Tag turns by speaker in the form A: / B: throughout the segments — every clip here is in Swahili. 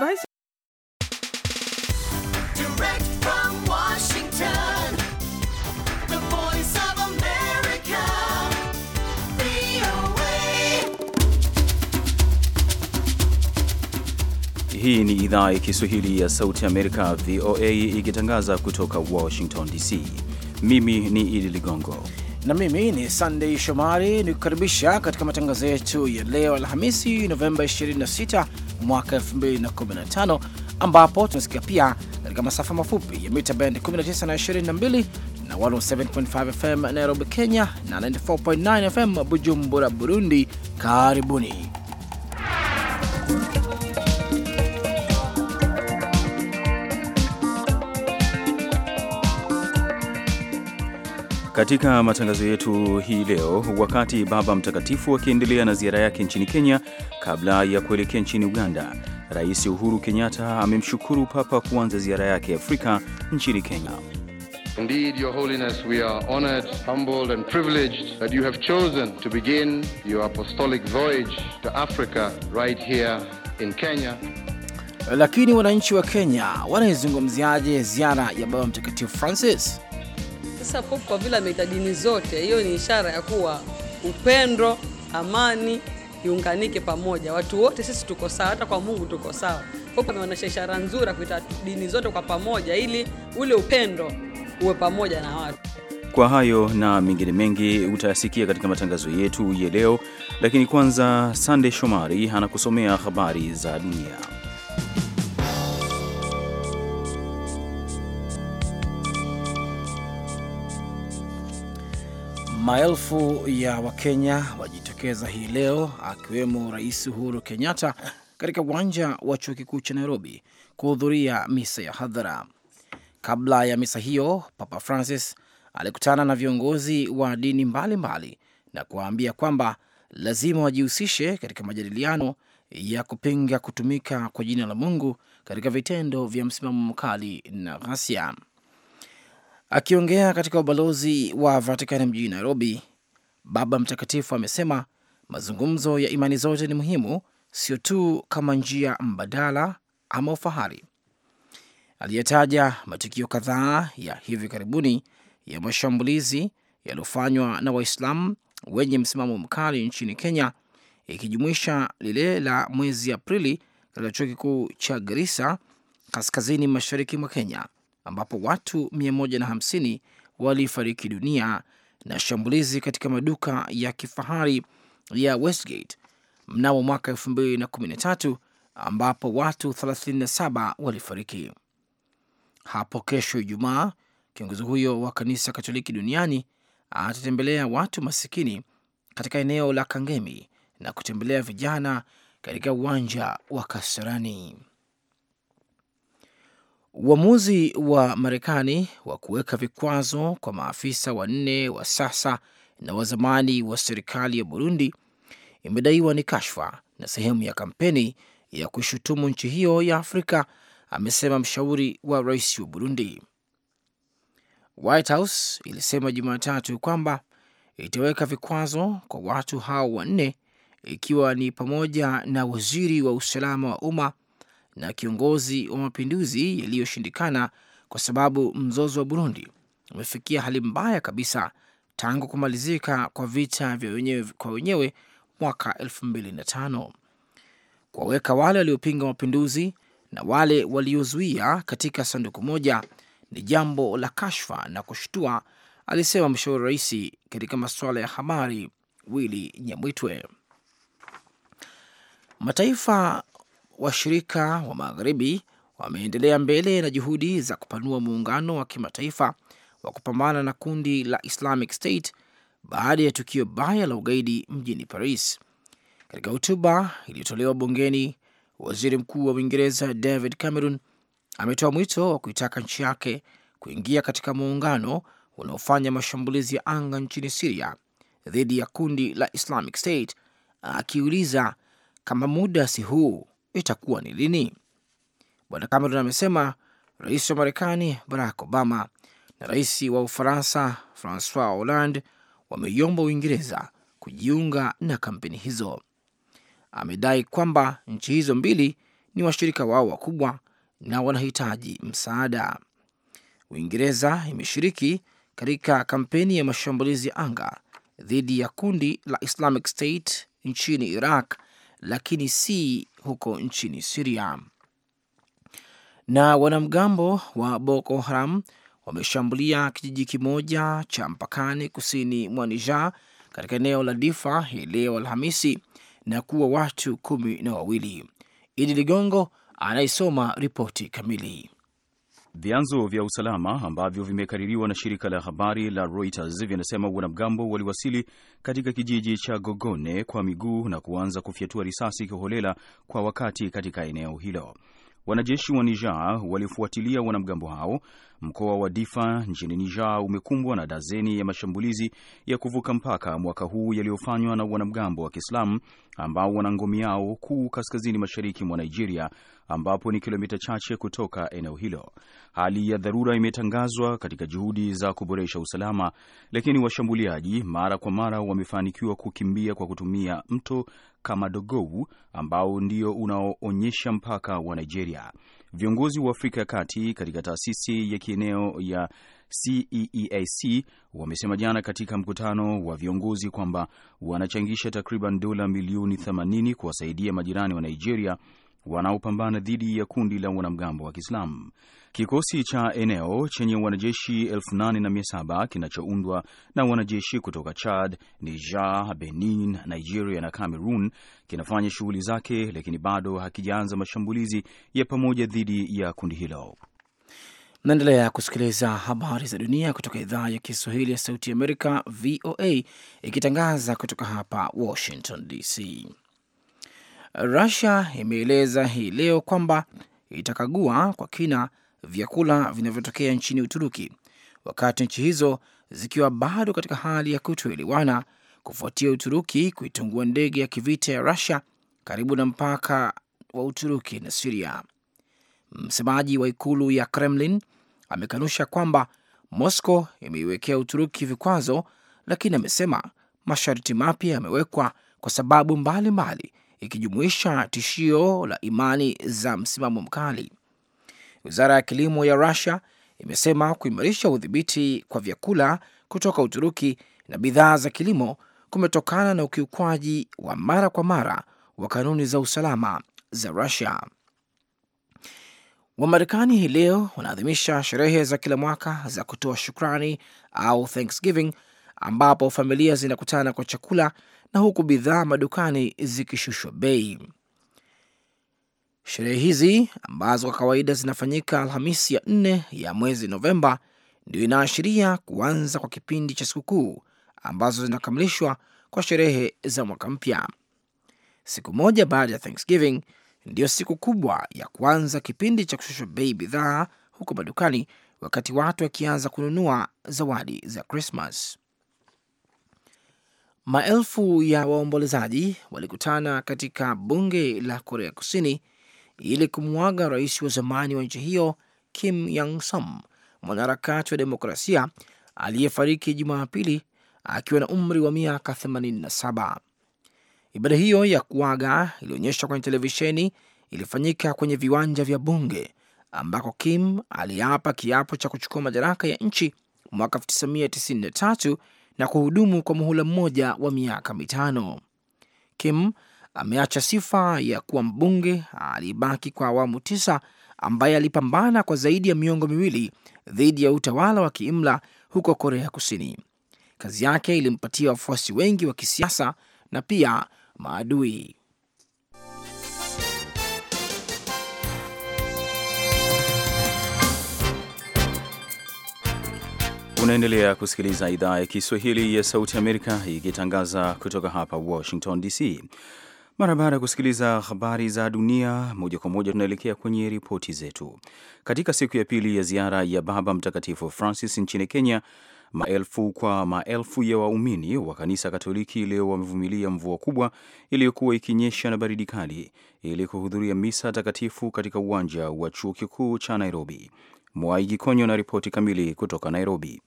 A: Weiß
B: Direct from Washington, the voice of America, VOA. Hii ni idhaa ya Kiswahili ya Sauti Amerika, VOA, ikitangaza kutoka Washington DC. Mimi ni Idi Ligongo
C: na mimi ni Sunday Shomari, nikukaribisha katika matangazo yetu ya leo Alhamisi, Novemba 26 mwaka 2015 ambapo tunasikia pia katika masafa mafupi ya mita band 19 na 22 na 107.5 FM Nairobi, Kenya na 94.9 FM Bujumbura, Burundi. Karibuni.
B: Katika matangazo yetu hii leo, wakati Baba Mtakatifu akiendelea na ziara yake nchini Kenya kabla ya kuelekea nchini Uganda, Rais Uhuru Kenyatta amemshukuru Papa kuanza ziara yake Afrika nchini Kenya.
D: Indeed, Your Holiness, we are honored, humbled and privileged that you have chosen to begin your apostolic voyage to Africa right here in Kenya.
C: Lakini wananchi wa Kenya wanaizungumziaje ziara ya Baba Mtakatifu Francis?
A: Sasa pop kwa vile ameita dini zote, hiyo ni ishara ya kuwa upendo, amani iunganike pamoja. Watu wote sisi tuko sawa, hata kwa Mungu tuko sawa. Pope ameonyesha ishara nzuri ya kuita dini zote kwa pamoja, ili ule upendo uwe pamoja na watu.
B: Kwa hayo na mengine mengi utayasikia katika matangazo yetu ya leo, lakini kwanza sandey Shomari anakusomea habari za dunia.
C: Maelfu ya Wakenya wajitokeza hii leo akiwemo Rais Uhuru Kenyatta katika uwanja wa chuo kikuu cha Nairobi kuhudhuria misa ya hadhara. Kabla ya misa hiyo, Papa Francis alikutana na viongozi wa dini mbalimbali mbali na kuwaambia kwamba lazima wajihusishe katika majadiliano ya kupinga kutumika kwa jina la Mungu katika vitendo vya msimamo mkali na ghasia. Akiongea katika ubalozi wa Vatikani mjini Nairobi, Baba Mtakatifu amesema mazungumzo ya imani zote ni muhimu, sio tu kama njia mbadala ama ufahari. Aliyetaja matukio kadhaa ya hivi karibuni ya mashambulizi yaliyofanywa na Waislamu wenye msimamo mkali nchini Kenya, ikijumuisha lile la mwezi Aprili katika chuo kikuu cha Garissa kaskazini mashariki mwa Kenya ambapo watu 150 walifariki dunia na shambulizi katika maduka ya kifahari ya Westgate mnamo mwaka 2013 ambapo watu 37 walifariki. Hapo kesho Ijumaa, kiongozi huyo wa kanisa Katoliki duniani atatembelea watu masikini katika eneo la Kangemi na kutembelea vijana katika uwanja wa Kasarani. Uamuzi wa Marekani wa kuweka vikwazo kwa maafisa wanne wa sasa na wa zamani wa serikali ya Burundi imedaiwa ni kashfa na sehemu ya kampeni ya kushutumu nchi hiyo ya Afrika, amesema mshauri wa rais wa Burundi. White House ilisema Jumatatu kwamba itaweka vikwazo kwa watu hao wanne, ikiwa ni pamoja na waziri wa usalama wa umma na kiongozi wa mapinduzi yaliyoshindikana kwa sababu mzozo wa Burundi umefikia hali mbaya kabisa tangu kumalizika kwa vita vya wenyewe kwa wenyewe mwaka 2005 kuwaweka wale waliopinga mapinduzi na wale waliozuia katika sanduku moja ni jambo la kashfa na kushtua, alisema mshauri rais katika masuala ya habari Willy Nyamwitwe. Mataifa washirika wa magharibi wameendelea mbele na juhudi za kupanua muungano wa kimataifa wa kupambana na kundi la Islamic State baada ya tukio baya la ugaidi mjini Paris. Katika hotuba iliyotolewa bungeni, waziri mkuu wa Uingereza David Cameron ametoa mwito wa kuitaka nchi yake kuingia katika muungano unaofanya mashambulizi ya anga nchini Siria dhidi ya kundi la Islamic State, akiuliza kama muda si huu, itakuwa ni lini? Bwana Cameron amesema rais wa Marekani Barack Obama na rais wa Ufaransa Francois Hollande wameiomba Uingereza kujiunga na kampeni hizo. Amedai kwamba nchi hizo mbili ni washirika wao wakubwa na wanahitaji msaada. Uingereza imeshiriki katika kampeni ya mashambulizi ya anga dhidi ya kundi la Islamic State nchini Iraq lakini si huko nchini Siria. Na wanamgambo wa Boko Haram wameshambulia kijiji kimoja cha mpakani kusini mwa Niger katika eneo la Difa hii leo Alhamisi na kuwa watu kumi na wawili. Idi Ligongo anaisoma ripoti kamili. Vyanzo vya usalama ambavyo vimekaririwa na shirika
B: la habari la Reuters vinasema wanamgambo waliwasili katika kijiji cha Gogone kwa miguu na kuanza kufyatua risasi kiholela kwa wakati katika eneo hilo. Wanajeshi wa Niger walifuatilia wanamgambo hao Mkoa wa Difa nchini Niger umekumbwa na dazeni ya mashambulizi ya kuvuka mpaka mwaka huu yaliyofanywa na wanamgambo wa Kiislamu ambao wana ngome yao kuu kaskazini mashariki mwa Nigeria, ambapo ni kilomita chache kutoka eneo hilo. Hali ya dharura imetangazwa katika juhudi za kuboresha usalama, lakini washambuliaji mara kwa mara wamefanikiwa kukimbia kwa kutumia mto Kamadogou ambao ndio unaoonyesha mpaka wa Nigeria. Viongozi wa Afrika ya Kati katika taasisi ya kieneo ya CEEAC e e wamesema jana katika mkutano wa viongozi kwamba wanachangisha takriban dola milioni 80 kuwasaidia majirani wa Nigeria wanaopambana dhidi ya kundi la wanamgambo wa Kiislamu. Kikosi cha eneo chenye wanajeshi 87 kinachoundwa na wanajeshi kutoka Chad, Niger, Benin, Nigeria na Cameroon kinafanya shughuli zake, lakini bado hakijaanza mashambulizi ya
C: pamoja dhidi ya kundi hilo. Naendelea kusikiliza habari za dunia kutoka idhaa ya Kiswahili ya Sauti Amerika, VOA, ikitangaza kutoka hapa Washington DC. Rusia imeeleza hii leo kwamba itakagua kwa kina vyakula vinavyotokea nchini Uturuki, wakati nchi hizo zikiwa bado katika hali ya kutoelewana kufuatia Uturuki kuitungua ndege ya kivita ya Rusia karibu na mpaka wa Uturuki na Siria. Msemaji wa ikulu ya Kremlin amekanusha kwamba Moscow imeiwekea Uturuki vikwazo, lakini amesema masharti mapya yamewekwa kwa sababu mbalimbali mbali, ikijumuisha tishio la imani za msimamo mkali. Wizara ya kilimo ya Rusia imesema kuimarisha udhibiti kwa vyakula kutoka Uturuki na bidhaa za kilimo kumetokana na ukiukwaji wa mara kwa mara wa kanuni za usalama za Rusia. Wamarekani hii leo wanaadhimisha sherehe za kila mwaka za kutoa shukrani au Thanksgiving, ambapo familia zinakutana kwa chakula na huku bidhaa madukani zikishushwa bei. Sherehe hizi ambazo kwa kawaida zinafanyika Alhamisi ya nne ya mwezi Novemba ndio inaashiria kuanza kwa kipindi cha sikukuu ambazo zinakamilishwa kwa sherehe za mwaka mpya. Siku moja baada ya Thanksgiving ndiyo siku kubwa ya kuanza kipindi cha kushusha bei bidhaa huko madukani, wakati watu wakianza kununua zawadi za Krismas. Maelfu ya waombolezaji walikutana katika bunge la Korea Kusini ili kumwaga rais wa zamani wa nchi hiyo Kim Yang Sam, mwanaharakati wa demokrasia aliyefariki Jumapili akiwa na umri wa miaka 87. Ibada hiyo ya kuaga ilionyeshwa kwenye televisheni, ilifanyika kwenye viwanja vya bunge ambako Kim aliapa kiapo cha kuchukua madaraka ya nchi mwaka 1993 na kuhudumu kwa muhula mmoja wa miaka mitano. Kim ameacha sifa ya kuwa mbunge aliyebaki kwa awamu tisa ambaye alipambana kwa zaidi ya miongo miwili dhidi ya utawala wa kiimla huko Korea Kusini. Kazi yake ilimpatia wafuasi wengi wa kisiasa na pia maadui.
B: Unaendelea kusikiliza idhaa ya Kiswahili ya Sauti Amerika ikitangaza kutoka hapa Washington DC. Mara baada ya kusikiliza habari za dunia moja kwa moja, tunaelekea kwenye ripoti zetu. Katika siku ya pili ya ziara ya Baba Mtakatifu Francis nchini Kenya, maelfu kwa maelfu ya waumini wa kanisa Katoliki leo wamevumilia mvua kubwa iliyokuwa ikinyesha na baridi kali ili kuhudhuria misa takatifu katika uwanja wa chuo kikuu cha Nairobi. Mwai Gikonyo na ripoti kamili kutoka Nairobi.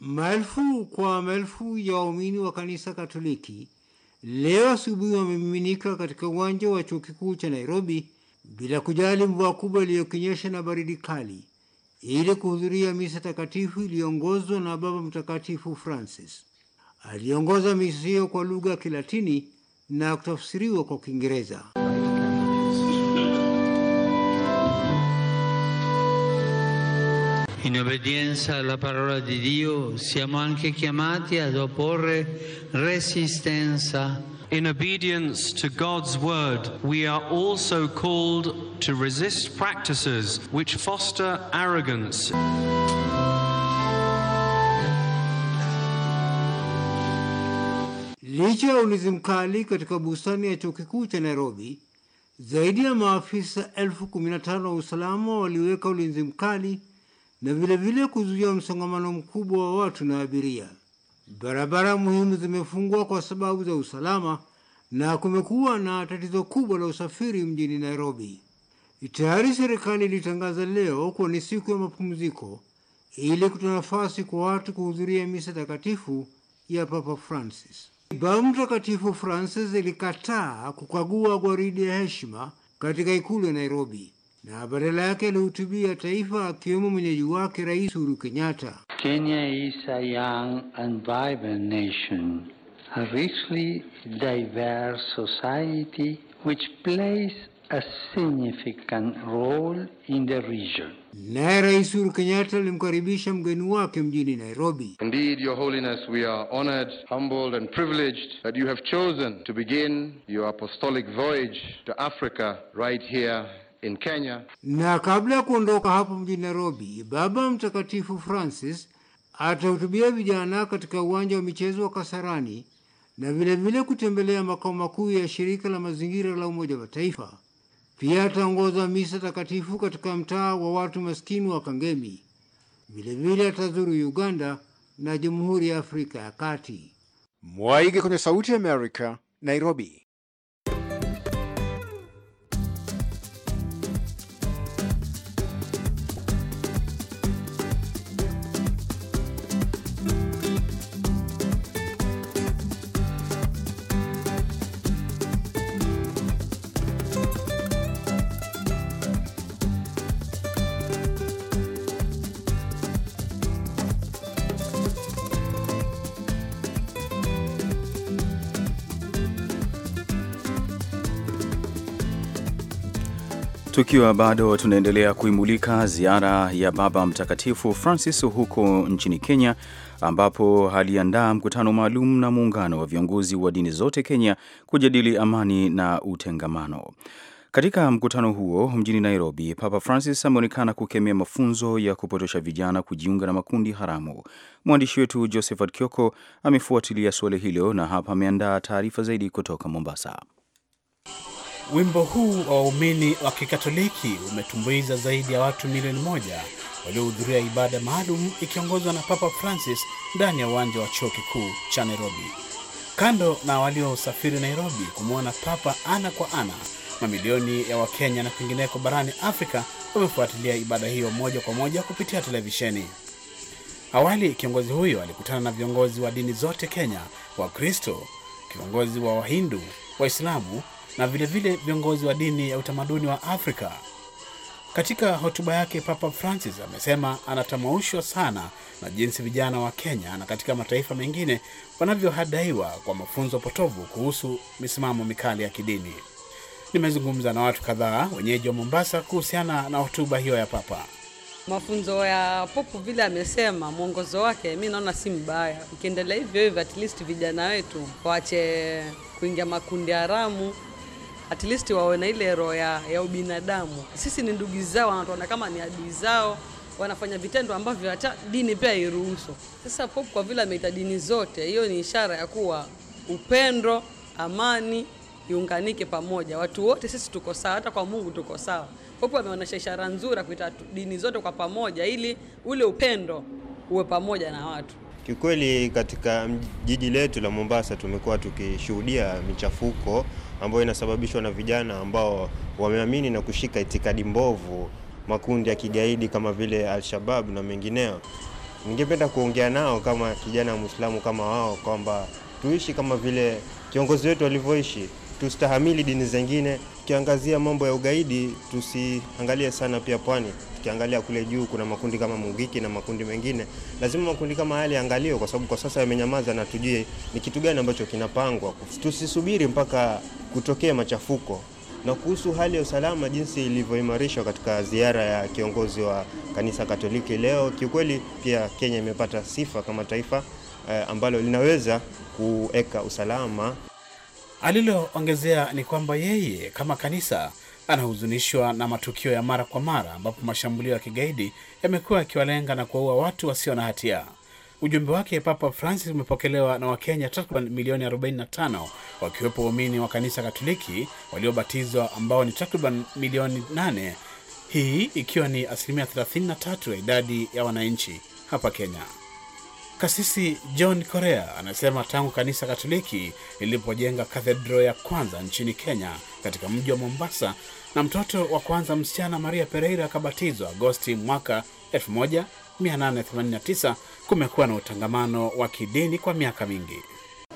E: Maelfu kwa maelfu ya waumini wa kanisa Katoliki leo asubuhi wamemiminika katika uwanja wa chuo kikuu cha Nairobi bila kujali mvua kubwa iliyokinyesha na baridi kali ili kuhudhuria misa takatifu iliyoongozwa na Baba Mtakatifu Francis. Aliongoza misa hiyo kwa lugha ya Kilatini na kutafsiriwa kwa Kiingereza. In obbedienza alla parola di Dio siamo anche chiamati ad opporre resistenza. In obedience to God's word, we are also called to resist practices which foster arrogance. Licha ya ulinzi mkali katika bustani ya chuo kikuu cha Nairobi, zaidi ya maafisa elfu kumi na tano wa usalama waliweka ulinzi mkali na vilevile kuzuia msongamano mkubwa wa watu na abiria. Barabara muhimu zimefungwa kwa sababu za usalama na kumekuwa na tatizo kubwa la usafiri mjini Nairobi. Tayari serikali ilitangaza leo kuwa ni siku ya mapumziko ili kutoa nafasi kwa watu kuhudhuria misa takatifu ya Papa Francis. Baba Mtakatifu Francis ilikataa kukagua gwaridi ya heshima katika ikulu ya Nairobi na badala yake alihutubia taifa akiwemo mwenyeji wake Rais Uhuru Kenyatta. Kenya is a young and vibrant nation, a richly diverse society which plays a significant role in the region. Naye Rais Uhuru Kenyatta alimkaribisha mgeni wake mjini
D: Nairobi. Indeed, Your Holiness, we are honored, humbled and privileged that you have chosen to begin your apostolic voyage to Africa right here in Kenya.
E: Na kabla ya kuondoka hapo mjini Nairobi, Baba Mtakatifu Francis atahutubia vijana katika uwanja wa michezo wa Kasarani na vilevile kutembelea makao makuu ya shirika la mazingira la Umoja wa Mataifa. Pia ataongoza misa takatifu katika mtaa wa watu maskini wa Kangemi. Vilevile atazuru Uganda na Jamhuri ya Afrika ya Kati. Mwaige kwenye Sauti ya Amerika, Nairobi.
B: Tukiwa bado tunaendelea kuimulika ziara ya Baba Mtakatifu Francis huko nchini Kenya, ambapo aliandaa mkutano maalum na muungano wa viongozi wa dini zote Kenya kujadili amani na utengamano. Katika mkutano huo mjini Nairobi, Papa Francis ameonekana kukemea mafunzo ya kupotosha vijana kujiunga na makundi haramu. Mwandishi wetu Josephat Kioko amefuatilia suala hilo na hapa ameandaa taarifa zaidi kutoka Mombasa.
F: Wimbo huu wa waumini wa Kikatoliki umetumbuiza zaidi ya watu milioni moja waliohudhuria ibada maalum ikiongozwa na Papa Francis ndani ya uwanja wa chuo kikuu cha Nairobi. Kando na waliosafiri Nairobi kumwona Papa ana kwa ana, mamilioni ya Wakenya na kwingineko barani Afrika wamefuatilia ibada hiyo moja kwa moja kupitia televisheni. Awali kiongozi huyo alikutana na viongozi wa dini zote Kenya, Wakristo, kiongozi wa Wahindu, Waislamu na vilevile viongozi wa dini ya utamaduni wa Afrika. Katika hotuba yake, Papa Francis amesema anatamaushwa sana na jinsi vijana wa Kenya na katika mataifa mengine wanavyohadaiwa kwa mafunzo potovu kuhusu misimamo mikali ya kidini. Nimezungumza na watu kadhaa wenyeji wa Mombasa kuhusiana na hotuba hiyo ya Papa.
A: Mafunzo ya popu vile amesema, mwongozo wake, mi naona si mbaya. Ukiendelea hivyo hivyo, at least vijana wetu waache kuingia makundi haramu at least wawe na ile roho ya, ya ubinadamu. Sisi ni ndugu zao, wanatuona kama ni adui zao, wanafanya vitendo ambavyo hata dini pia hairuhusu. Sasa pop kwa vile ameita dini zote, hiyo ni ishara ya kuwa upendo, amani iunganike pamoja. Watu wote sisi tuko sawa, hata kwa Mungu tuko sawa. pop ameonyesha ishara nzuri ya kuita dini zote kwa pamoja, ili ule upendo uwe pamoja na watu.
E: Kiukweli katika jiji letu la Mombasa tumekuwa tukishuhudia michafuko ambayo inasababishwa na vijana ambao wameamini na kushika itikadi mbovu, makundi ya kigaidi kama vile Al-Shabab na mengineo. Ningependa kuongea nao kama kijana Muislamu kama wao kwamba tuishi kama vile kiongozi wetu alivyoishi, tustahamili dini zingine tukiangazia mambo ya ugaidi tusiangalie sana pia pwani. Tukiangalia kule juu kuna makundi kama Mungiki na makundi mengine, lazima makundi kama haya yaangaliwe, kwa sababu kwa sasa yamenyamaza, na tujue ni kitu gani ambacho kinapangwa. Tusisubiri mpaka kutokea machafuko. Na kuhusu hali ya usalama jinsi ilivyoimarishwa katika ziara ya kiongozi wa kanisa Katoliki leo, kiukweli pia Kenya imepata sifa kama taifa eh, ambalo linaweza kuweka usalama
F: Aliloongezea ni kwamba yeye kama kanisa anahuzunishwa na matukio ya mara kwa mara ambapo mashambulio ya kigaidi yamekuwa yakiwalenga na kuwaua watu wasio na hatia. Ujumbe wake Papa Francis umepokelewa na Wakenya takriban milioni 45 wakiwepo waumini wa kanisa Katoliki waliobatizwa ambao ni takriban milioni 8, hii ikiwa ni asilimia 33 ya idadi ya wananchi hapa Kenya. Kasisi John Korea anasema tangu kanisa Katoliki lilipojenga kathedro ya kwanza nchini Kenya katika mji wa Mombasa, na mtoto wa kwanza msichana Maria Pereira akabatizwa Agosti mwaka 1889, kumekuwa na utangamano wa kidini kwa miaka mingi.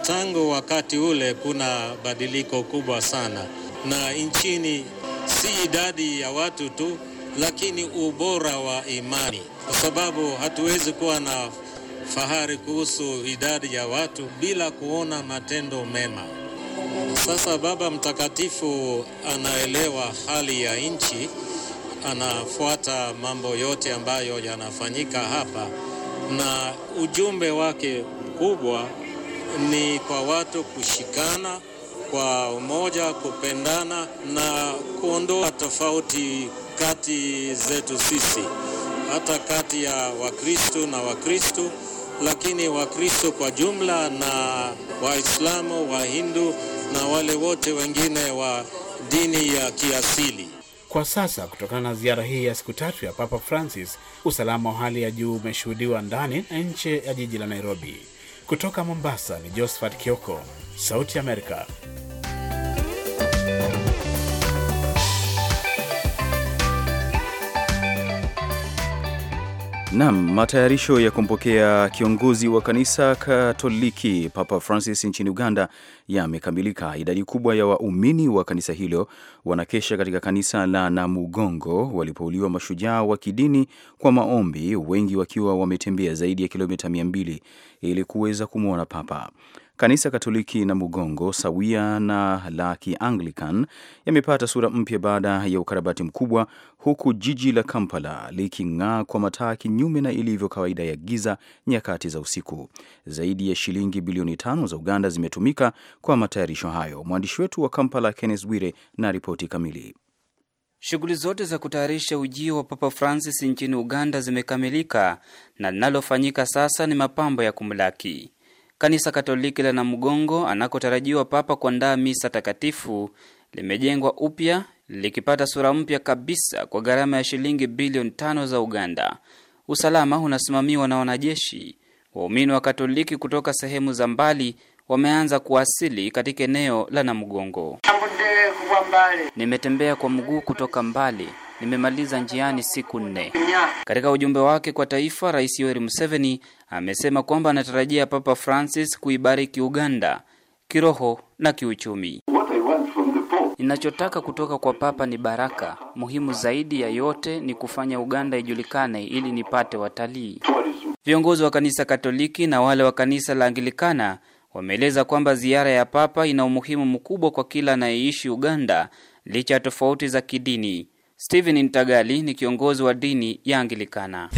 D: Tangu wakati ule kuna badiliko kubwa sana, na nchini si idadi ya watu tu, lakini ubora wa imani, kwa sababu hatuwezi kuwa na fahari kuhusu idadi ya watu bila kuona matendo mema. Sasa Baba Mtakatifu anaelewa hali ya nchi, anafuata mambo yote ambayo yanafanyika hapa, na ujumbe wake mkubwa ni kwa watu kushikana kwa umoja, kupendana na kuondoa tofauti kati zetu sisi, hata kati ya Wakristu na Wakristu lakini Wakristo kwa jumla na Waislamu, Wahindu na wale wote wengine wa dini ya kiasili.
F: Kwa sasa, kutokana na ziara hii ya siku tatu ya Papa Francis, usalama wa hali ya juu umeshuhudiwa ndani na nje ya jiji la Nairobi. Kutoka Mombasa ni Josephat Kioko, Sauti ya Amerika.
B: Nam, matayarisho ya kumpokea kiongozi wa kanisa Katoliki Papa Francis nchini Uganda yamekamilika. Idadi kubwa ya waumini wa kanisa hilo wanakesha katika kanisa la Namugongo walipouliwa mashujaa wa kidini kwa maombi, wengi wakiwa wametembea zaidi ya kilomita 2 ili kuweza kumwona Papa. Kanisa Katoliki na Mugongo sawia na la Kianglican yamepata sura mpya baada ya ukarabati mkubwa, huku jiji la Kampala liking'aa kwa mataa kinyume na ilivyo kawaida ya giza nyakati za usiku. Zaidi ya shilingi bilioni tano za Uganda zimetumika kwa matayarisho hayo. Mwandishi wetu wa Kampala Kenneth Bwire na ripoti kamili.
G: Shughuli zote za kutayarisha ujio wa Papa Francis nchini Uganda zimekamilika na linalofanyika sasa ni mapambo ya kumlaki. Kanisa Katoliki la Namgongo anakotarajiwa Papa kuandaa misa takatifu limejengwa upya likipata sura mpya kabisa kwa gharama ya shilingi bilioni tano za Uganda. Usalama unasimamiwa na wanajeshi. Waumini wa Katoliki kutoka sehemu za mbali wameanza kuwasili katika eneo la Namgongo. Nimetembea kwa mguu kutoka mbali nimemaliza njiani siku nne. Katika ujumbe wake kwa taifa, Rais Yoweri Museveni amesema kwamba anatarajia Papa Francis kuibariki Uganda kiroho na kiuchumi. Ninachotaka kutoka kwa Papa ni baraka. Muhimu zaidi ya yote ni kufanya Uganda ijulikane ili nipate watalii. Viongozi wa kanisa Katoliki na wale wa kanisa la Anglikana wameeleza kwamba ziara ya Papa ina umuhimu mkubwa kwa kila anayeishi Uganda licha ya tofauti za kidini. Stephen Ntagali ni kiongozi wa dini ya Anglikana.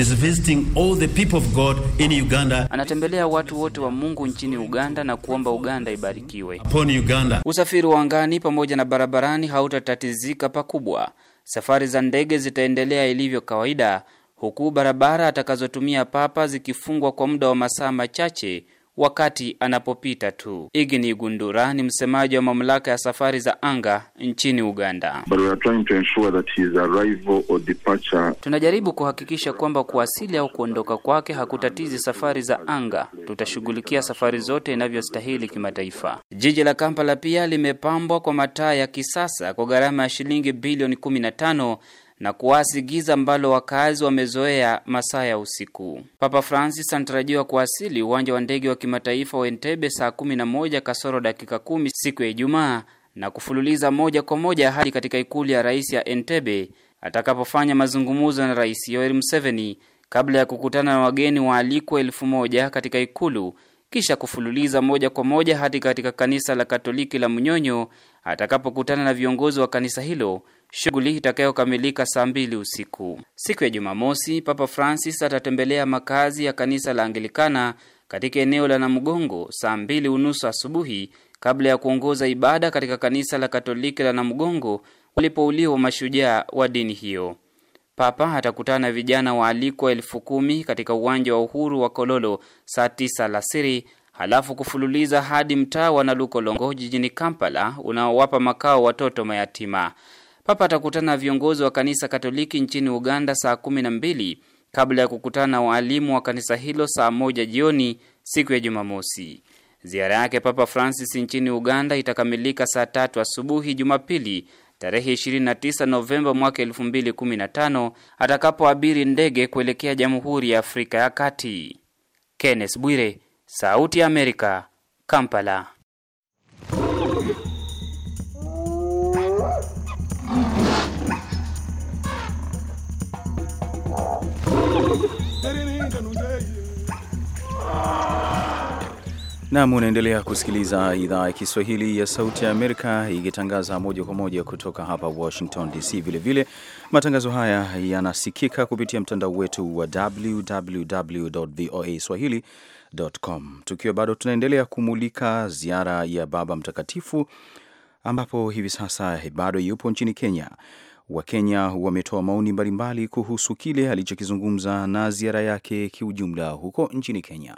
G: Anatembelea watu wote wa Mungu nchini Uganda na kuomba Uganda ibarikiwe. Uganda. Usafiri wa angani pamoja na barabarani hautatatizika pakubwa. Safari za ndege zitaendelea ilivyo kawaida, huku barabara atakazotumia papa zikifungwa kwa muda wa masaa machache wakati anapopita tu. Igni Gundura ni msemaji wa mamlaka ya safari za anga nchini Uganda. Tunajaribu kuhakikisha kwamba kuwasili au kuondoka kwake hakutatizi safari za anga. Tutashughulikia safari zote inavyostahili kimataifa. Jiji la Kampala pia limepambwa kwa mataa ya kisasa kwa gharama ya shilingi bilioni 15 na kuasi giza ambalo wakazi wamezoea masaa ya usiku. Papa Francis anatarajiwa kuwasili uwanja wa ndege wa kimataifa wa Entebbe saa kumi na moja kasoro dakika kumi siku ya Ijumaa na kufululiza moja kwa moja hadi katika ikulu ya rais ya Entebbe atakapofanya mazungumzo na Rais Yoweri Museveni kabla ya kukutana na wageni waalikwa elfu moja katika ikulu kisha kufululiza moja kwa moja hadi katika kanisa la Katoliki la Mnyonyo atakapokutana na viongozi wa kanisa hilo shughuli itakayokamilika saa mbili usiku. Siku ya Jumamosi, Papa Francis atatembelea makazi ya kanisa la Anglikana katika eneo la Namgongo saa mbili unusu asubuhi kabla ya kuongoza ibada katika kanisa la Katoliki la Namgongo walipouliwa mashujaa wa dini hiyo. Papa atakutana vijana waalikwa elfu kumi katika uwanja wa uhuru wa Kololo saa tisa alasiri, halafu kufululiza hadi mtaa wa Nalukolongo jijini Kampala unaowapa makao watoto mayatima. Papa atakutana na viongozi wa kanisa Katoliki nchini Uganda saa kumi na mbili kabla ya kukutana na waalimu wa kanisa hilo saa moja jioni siku ya Jumamosi. Ziara yake Papa Francis nchini Uganda itakamilika saa tatu asubuhi Jumapili tarehe 29 Novemba mwaka 2015 atakapoabiri ndege kuelekea Jamhuri ya Afrika ya Kati. Kenneth Bwire, Sauti ya Amerika, Kampala.
B: Nam, unaendelea kusikiliza idhaa ya Kiswahili ya Sauti ya Amerika ikitangaza moja kwa moja kutoka hapa Washington DC. Vilevile matangazo haya yanasikika kupitia mtandao wetu wa www voa swahili.com. Tukiwa bado tunaendelea kumulika ziara ya Baba Mtakatifu, ambapo hivi sasa bado yupo nchini Kenya Wakenya wametoa maoni mbalimbali kuhusu kile alichokizungumza na ziara yake kiujumla huko nchini Kenya.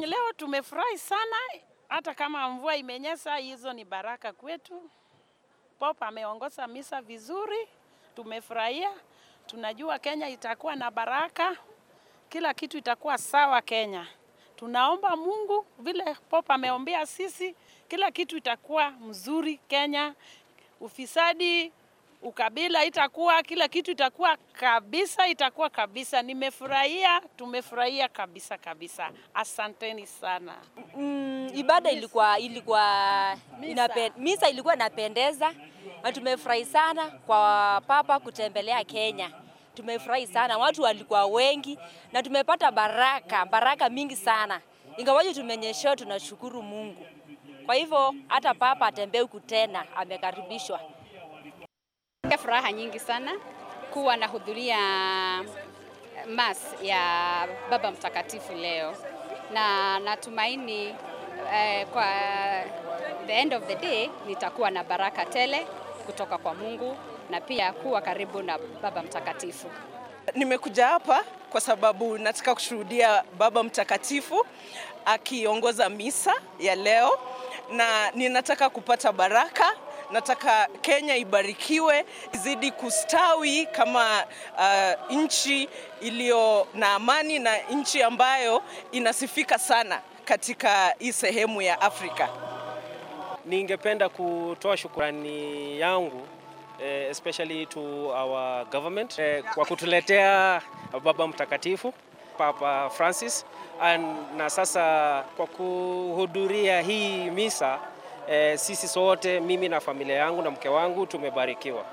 C: Leo tumefurahi sana, hata kama mvua imenyesha, hizo ni baraka kwetu. Pop ameongoza misa vizuri, tumefurahia. Tunajua Kenya itakuwa na baraka, kila kitu itakuwa sawa Kenya. Tunaomba Mungu vile Pop ameombea sisi kila kitu itakuwa mzuri Kenya, ufisadi ukabila itakuwa kila kitu itakuwa kabisa, itakuwa kabisa. Nimefurahia, tumefurahia kabisa kabisa,
D: asanteni sana.
G: Mm, ibada ilikuwa ilikuwa misa, misa ilikuwa inapendeza na tumefurahi sana kwa papa kutembelea Kenya. Tumefurahi sana, watu walikuwa wengi na tumepata baraka baraka mingi sana,
A: ingawaje tumenyeshewa, tunashukuru Mungu. Kwa hivyo hata papa atembee huku tena, amekaribishwa. Furaha nyingi sana kuwa nahudhuria mas ya Baba Mtakatifu leo na natumaini eh, kwa the end of the day nitakuwa na baraka tele kutoka kwa Mungu na pia kuwa karibu na Baba Mtakatifu.
C: Nimekuja hapa kwa sababu nataka kushuhudia Baba Mtakatifu akiongoza misa ya leo, na ninataka kupata baraka nataka Kenya ibarikiwe, izidi kustawi kama uh, nchi iliyo na amani na nchi ambayo inasifika sana katika hii sehemu ya Afrika.
D: Ningependa kutoa
G: shukrani yangu eh, especially to our government eh, kwa kutuletea Baba Mtakatifu Papa Francis and, na sasa kwa kuhudhuria hii misa eh, sisi sote mimi na familia yangu na mke wangu tumebarikiwa.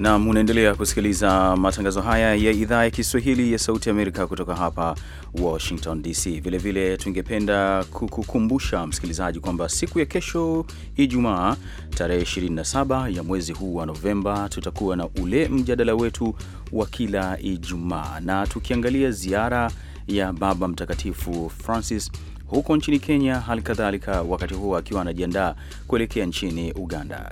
B: Nam, unaendelea kusikiliza matangazo haya ya idhaa ya Kiswahili ya Sauti ya Amerika kutoka hapa Washington DC. Vilevile tungependa kukukumbusha msikilizaji kwamba siku ya kesho Ijumaa, tarehe 27 ya mwezi huu wa Novemba, tutakuwa na ule mjadala wetu wa kila Ijumaa na tukiangalia ziara ya Baba Mtakatifu Francis huko nchini Kenya, hali kadhalika wakati huo akiwa anajiandaa kuelekea nchini Uganda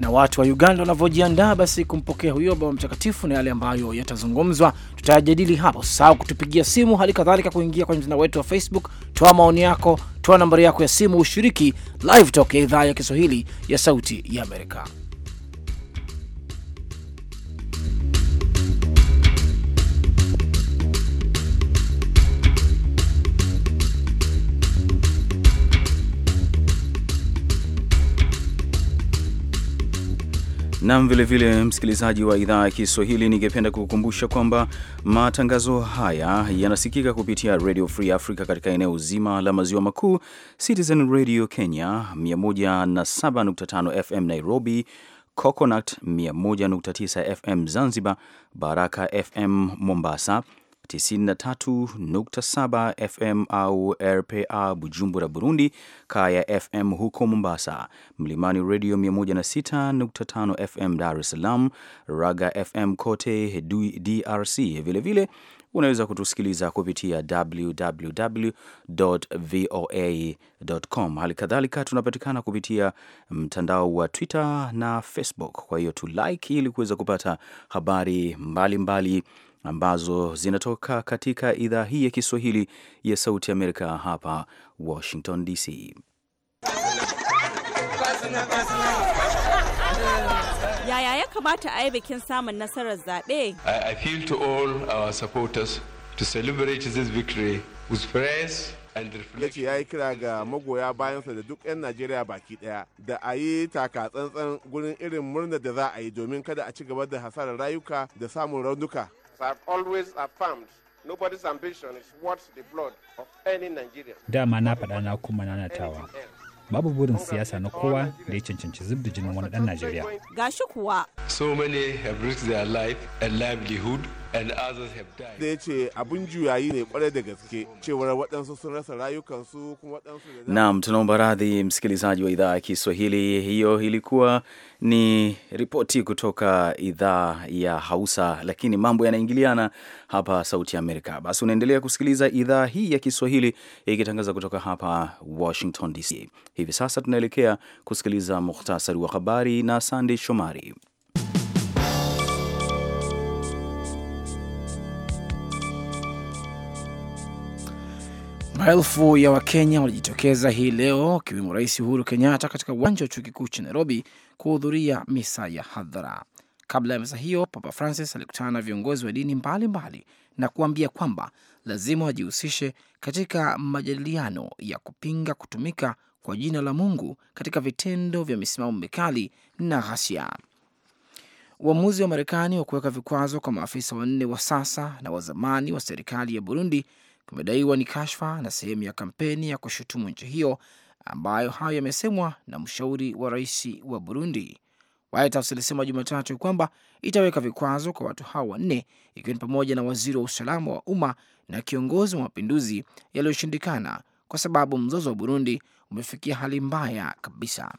C: na watu wa Uganda wanavyojiandaa basi kumpokea huyo Baba Mtakatifu na yale ambayo yatazungumzwa tutayajadili hapo. Sasa kutupigia simu, hali kadhalika kuingia kwenye mtandao wetu wa Facebook, toa maoni yako, toa nambari yako ya simu, ushiriki live talk ya idhaa ya Kiswahili ya Sauti ya Amerika.
B: Nam vilevile, msikilizaji wa idhaa ya Kiswahili, ningependa kukukumbusha kwamba matangazo haya yanasikika kupitia Radio Free Africa katika eneo zima la maziwa makuu, Citizen Radio Kenya 107.5 FM Nairobi, Coconut 101.9 FM Zanzibar, Baraka FM Mombasa 93.7 FM au RPA Bujumbura, Burundi, Kaya FM huko Mombasa, Mlimani Radio 106.5 FM Dar es Salaam, Raga FM kote DRC. Vilevile vile, unaweza kutusikiliza kupitia www.voa.com. Hali kadhalika tunapatikana kupitia mtandao wa Twitter na Facebook, kwa hiyo tu like ili kuweza kupata habari mbalimbali mbali ambazo zinatoka katika idhaa hii ya Kiswahili ya Sauti Amerika hapa Washington DC.
A: Yaya ya kamata a yi bikin samun nasarar zaɓe?
F: I appeal to all our supporters to celebrate victory with yace ya yi kira ga magoya bayansa da duk 'yan najeriya baki daya da a yi taka tsantsan gurin irin murnar da za a yi domin kada a ci gaba da hasarar rayuka da samun raunuka have always affirmed nobody's ambition is worth the blood of any Nigerian.
G: Dama na faɗa na kuma na natawa. Babu burin siyasa na kowa da ya cancanci zub da jinin wani ɗan Najeriya.
A: Gashi kuwa.
F: So
B: many have risked their life and livelihood
F: da ya ce abin juyayi ne da gaske cewar waɗansu sun rasa rayukansu kuma
B: waɗansu tunaomba radhi msikilizaji wa idhaa ya Kiswahili. Hiyo ilikuwa ni ripoti kutoka idhaa ya Hausa, lakini mambo yanaingiliana hapa Sauti Amerika. Basi unaendelea kusikiliza idhaa hii ya Kiswahili ikitangaza kutoka hapa Washington DC. Hivi sasa tunaelekea kusikiliza muhtasari wa habari na Sandey Shomari.
C: Maelfu ya Wakenya walijitokeza hii leo akiwemo Rais Uhuru Kenyatta katika uwanja wa chuo kikuu cha Nairobi kuhudhuria misa ya hadhara. Kabla ya misa hiyo, Papa Francis alikutana na viongozi wa dini mbalimbali mbali na kuambia kwamba lazima wajihusishe katika majadiliano ya kupinga kutumika kwa jina la Mungu katika vitendo vya misimamo mikali na ghasia. Uamuzi wa Marekani wa kuweka vikwazo kwa maafisa wanne wa sasa na wa zamani wa serikali ya Burundi kumedaiwa ni kashfa na sehemu ya kampeni ya kushutumu nchi hiyo, ambayo hayo yamesemwa na mshauri wa rais wa Burundi. White House ilisema Jumatatu kwamba itaweka vikwazo kwa watu hao wanne, ikiwa ni pamoja na waziri wa usalama wa umma na kiongozi wa mapinduzi yaliyoshindikana, kwa sababu mzozo wa Burundi umefikia hali mbaya kabisa.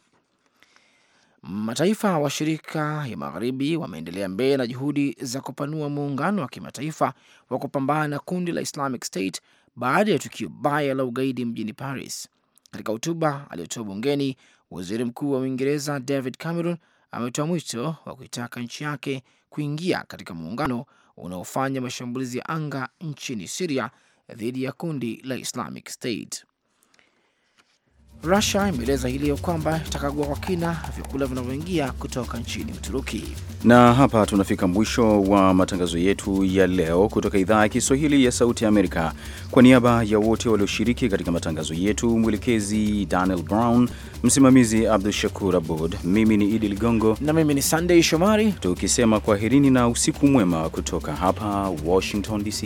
C: Mataifa washirika ya magharibi wameendelea mbele na juhudi za kupanua muungano wa kimataifa wa kupambana na kundi la Islamic State baada ya tukio baya la ugaidi mjini Paris. Katika hotuba aliyotoa bungeni, waziri mkuu wa Uingereza David Cameron ametoa mwito wa kuitaka nchi yake kuingia katika muungano unaofanya mashambulizi ya anga nchini Siria dhidi ya kundi la Islamic State. Rusia imeeleza hii leo kwamba itakagua kwa kina vyakula vinavyoingia kutoka nchini Uturuki.
B: Na hapa tunafika mwisho wa matangazo yetu ya leo kutoka idhaa ya Kiswahili ya Sauti ya Amerika. Kwa niaba ya wote walioshiriki katika matangazo yetu, mwelekezi Daniel Brown, msimamizi Abdu Shakur Abud, mimi ni Idi Ligongo na mimi ni Sandey Shomari, tukisema kwaherini na usiku mwema kutoka hapa Washington DC.